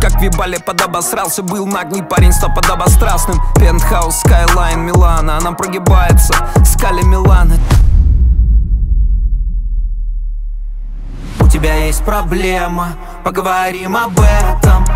Как Вибали подобосрался, был наглый парень, стал подобострастным Пентхаус, Скайлайн, Милана, она прогибается, скали Милана У тебя есть проблема, поговорим об этом